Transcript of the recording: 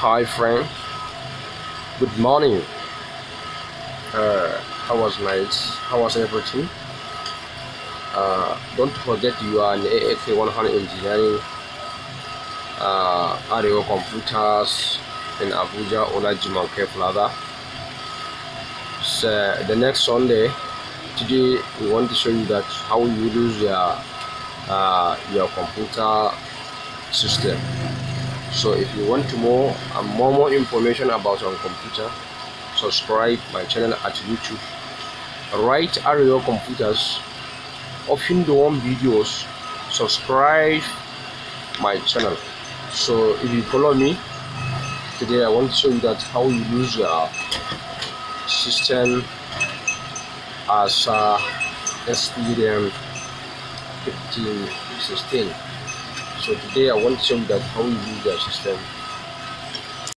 hi friend good morning uh, how was night how was everything uh, don't forget you are an AAK 100 engineering uh, RAO computers in Abuja Olajimanke Plaza so the next Sunday today we want to show you that how you use your uh, your computer system so if you want to more uh, more more information about on computer subscribe my channel at youtube right your computers often the one videos subscribe my channel so if you follow me today I want to show you that how you use your system as a STM 1516 so today I want to show you how we use the system